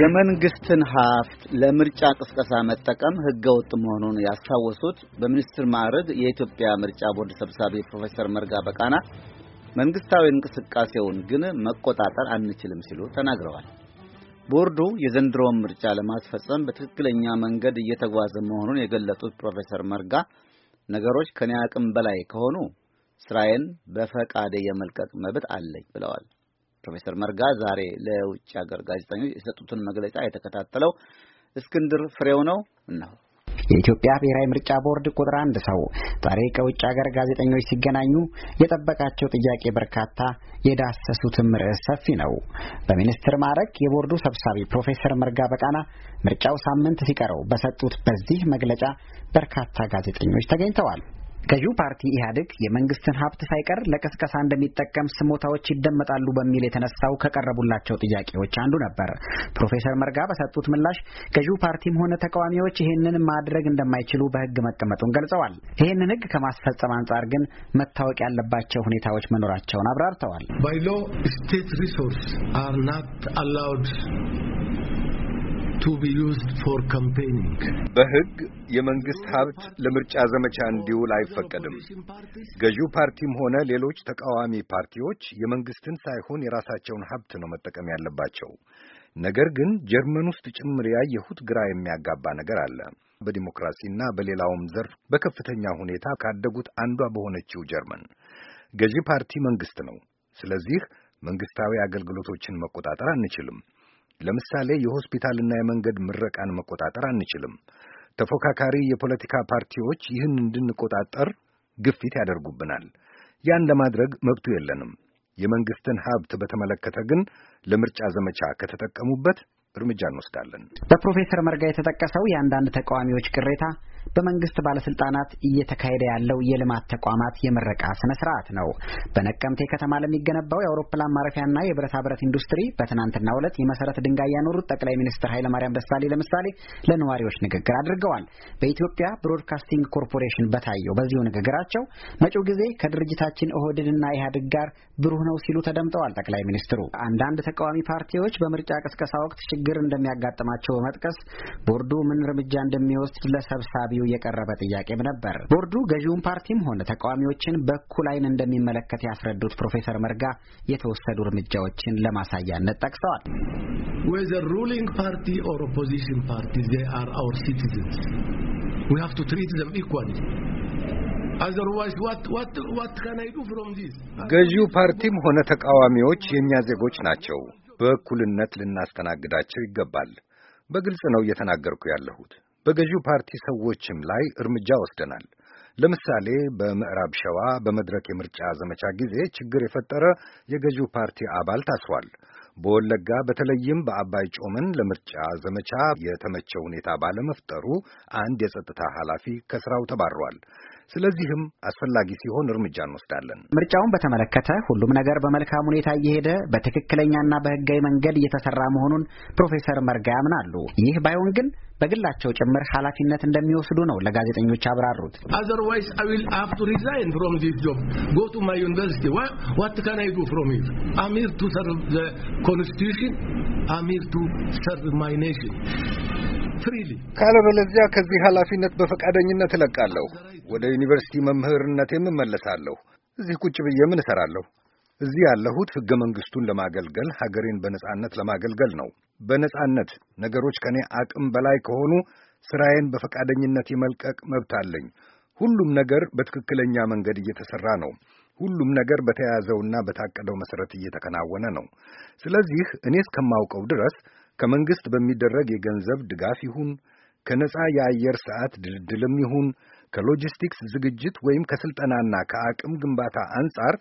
የመንግስትን ሀብት ለምርጫ ቅስቀሳ መጠቀም ህገወጥ መሆኑን ያስታወሱት በሚኒስትር ማዕረግ የኢትዮጵያ ምርጫ ቦርድ ሰብሳቢ ፕሮፌሰር መርጋ በቃና መንግስታዊ እንቅስቃሴውን ግን መቆጣጠር አንችልም ሲሉ ተናግረዋል። ቦርዱ የዘንድሮውን ምርጫ ለማስፈጸም በትክክለኛ መንገድ እየተጓዘ መሆኑን የገለጡት ፕሮፌሰር መርጋ ነገሮች ከኔ አቅም በላይ ከሆኑ ስራዬን በፈቃደ የመልቀቅ መብት አለኝ ብለዋል። ፕሮፌሰር መርጋ ዛሬ ለውጭ ሀገር ጋዜጠኞች የሰጡትን መግለጫ የተከታተለው እስክንድር ፍሬው ነው ነው የኢትዮጵያ ብሔራዊ ምርጫ ቦርድ ቁጥር አንድ ሰው ዛሬ ከውጭ ሀገር ጋዜጠኞች ሲገናኙ የጠበቃቸው ጥያቄ በርካታ፣ የዳሰሱትም ርዕስ ሰፊ ነው። በሚኒስትር ማዕረግ የቦርዱ ሰብሳቢ ፕሮፌሰር መርጋ በቃና ምርጫው ሳምንት ሲቀረው በሰጡት በዚህ መግለጫ በርካታ ጋዜጠኞች ተገኝተዋል። ገዢው ፓርቲ ኢህአዴግ የመንግስትን ሀብት ሳይቀር ለቅስቀሳ እንደሚጠቀም ስሞታዎች ይደመጣሉ በሚል የተነሳው ከቀረቡላቸው ጥያቄዎች አንዱ ነበር። ፕሮፌሰር መርጋ በሰጡት ምላሽ ገዢው ፓርቲም ሆነ ተቃዋሚዎች ይህንን ማድረግ እንደማይችሉ በህግ መቀመጡን ገልጸዋል። ይህንን ህግ ከማስፈጸም አንጻር ግን መታወቅ ያለባቸው ሁኔታዎች መኖራቸውን አብራርተዋል። ባይ ሎ ስቴት ሪሶርስ አር ናት አላውድ to be used for campaigning በሕግ የመንግስት ሀብት ለምርጫ ዘመቻ እንዲውል አይፈቀድም። ገዢው ፓርቲም ሆነ ሌሎች ተቃዋሚ ፓርቲዎች የመንግስትን ሳይሆን የራሳቸውን ሀብት ነው መጠቀም ያለባቸው። ነገር ግን ጀርመን ውስጥ ጭምር ያየሁት ግራ የሚያጋባ ነገር አለ። በዲሞክራሲና በሌላውም ዘርፍ በከፍተኛ ሁኔታ ካደጉት አንዷ በሆነችው ጀርመን ገዢ ፓርቲ መንግስት ነው። ስለዚህ መንግስታዊ አገልግሎቶችን መቆጣጠር አንችልም። ለምሳሌ የሆስፒታልና የመንገድ ምረቃን መቆጣጠር አንችልም። ተፎካካሪ የፖለቲካ ፓርቲዎች ይህን እንድንቆጣጠር ግፊት ያደርጉብናል። ያን ለማድረግ መብቱ የለንም። የመንግስትን ሀብት በተመለከተ ግን ለምርጫ ዘመቻ ከተጠቀሙበት እርምጃ እንወስዳለን። በፕሮፌሰር መርጋ የተጠቀሰው የአንዳንድ ተቃዋሚዎች ቅሬታ በመንግስት ባለስልጣናት እየተካሄደ ያለው የልማት ተቋማት የምረቃ ስነ ስርዓት ነው። በነቀምቴ ከተማ ለሚገነባው የአውሮፕላን ማረፊያና የብረታ ብረት ኢንዱስትሪ በትናንትናው ዕለት የመሰረት ድንጋይ ያኖሩት ጠቅላይ ሚኒስትር ኃይለማርያም ደሳሌ ለምሳሌ ለነዋሪዎች ንግግር አድርገዋል። በኢትዮጵያ ብሮድካስቲንግ ኮርፖሬሽን በታየው በዚሁ ንግግራቸው መጪው ጊዜ ከድርጅታችን ኦህዴድና ኢህአዴግ ጋር ብሩህ ነው ሲሉ ተደምጠዋል። ጠቅላይ ሚኒስትሩ አንዳንድ ተቃዋሚ ፓርቲዎች በምርጫ ቅስቀሳ ወቅት ችግር እንደሚያጋጥማቸው በመጥቀስ ቦርዱ ምን እርምጃ እንደሚወስድ ለሰብሳ በአቅራቢው የቀረበ ጥያቄም ነበር። ቦርዱ ገዢውን ፓርቲም ሆነ ተቃዋሚዎችን በኩል አይን እንደሚመለከት ያስረዱት ፕሮፌሰር መርጋ የተወሰዱ እርምጃዎችን ለማሳያነት ጠቅሰዋል። whether ruling party or opposition ገዢው ፓርቲም ሆነ ተቃዋሚዎች የእኛ ዜጎች ናቸው። በእኩልነት ልናስተናግዳቸው ይገባል። በግልጽ ነው እየተናገርኩ ያለሁት። በገዢው ፓርቲ ሰዎችም ላይ እርምጃ ወስደናል። ለምሳሌ በምዕራብ ሸዋ በመድረክ የምርጫ ዘመቻ ጊዜ ችግር የፈጠረ የገዢው ፓርቲ አባል ታስሯል። በወለጋ በተለይም በአባይ ጮመን ለምርጫ ዘመቻ የተመቸ ሁኔታ ባለመፍጠሩ አንድ የጸጥታ ኃላፊ ከስራው ተባሯል። ስለዚህም አስፈላጊ ሲሆን እርምጃ እንወስዳለን። ምርጫውን በተመለከተ ሁሉም ነገር በመልካም ሁኔታ እየሄደ በትክክለኛና በሕጋዊ መንገድ እየተሰራ መሆኑን ፕሮፌሰር መርጋ ያምናሉ። ይህ ባይሆን ግን በግላቸው ጭምር ኃላፊነት እንደሚወስዱ ነው ለጋዜጠኞች አብራሩት አዘርዋይስ አይ ሃቭ ቱ ሪዛይን ፍሮም ዚስ ጆብ ጎ ቱ ማይ ዩኒቨርሲቲ ዋት ካን አይ ዱ ፍሮም ሂር አም ቱ ሰርቭ ዘ ኮንስቲቱሽን አም ቱ ሰርቭ ማይ ኔሽን ፍሪሊ ካለበለዚያ ከዚህ ኃላፊነት በፈቃደኝነት እለቃለሁ። ወደ ዩኒቨርሲቲ መምህርነቴም እመለሳለሁ። እዚህ ቁጭ ብዬ ምን እሰራለሁ? እዚህ ያለሁት ሕገ መንግሥቱን ለማገልገል ሀገሬን በነጻነት ለማገልገል ነው። በነጻነት ነገሮች ከእኔ አቅም በላይ ከሆኑ ስራዬን በፈቃደኝነት የመልቀቅ መብት አለኝ። ሁሉም ነገር በትክክለኛ መንገድ እየተሠራ ነው። ሁሉም ነገር በተያያዘውና በታቀደው መሠረት እየተከናወነ ነው። ስለዚህ እኔ እስከማውቀው ድረስ ከመንግሥት በሚደረግ የገንዘብ ድጋፍ ይሁን ከነፃ የአየር ሰዓት ድልድልም ይሁን ከሎጂስቲክስ ዝግጅት ወይም ከሥልጠናና ከአቅም ግንባታ አንጻር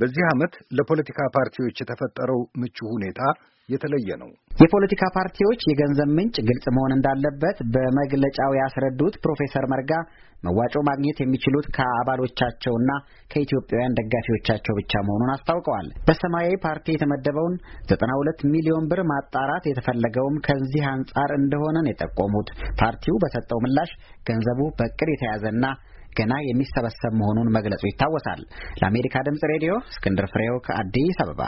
በዚህ ዓመት ለፖለቲካ ፓርቲዎች የተፈጠረው ምቹ ሁኔታ የተለየ ነው። የፖለቲካ ፓርቲዎች የገንዘብ ምንጭ ግልጽ መሆን እንዳለበት በመግለጫው ያስረዱት ፕሮፌሰር መርጋ መዋጮ ማግኘት የሚችሉት ከአባሎቻቸውና ከኢትዮጵያውያን ደጋፊዎቻቸው ብቻ መሆኑን አስታውቀዋል። በሰማያዊ ፓርቲ የተመደበውን 92 ሚሊዮን ብር ማጣራት የተፈለገውም ከዚህ አንጻር እንደሆነ ነው የጠቆሙት። ፓርቲው በሰጠው ምላሽ ገንዘቡ በእቅድ የተያዘና ገና የሚሰበሰብ መሆኑን መግለጹ ይታወሳል። ለአሜሪካ ድምጽ ሬዲዮ እስክንድር ፍሬው ከአዲስ አበባ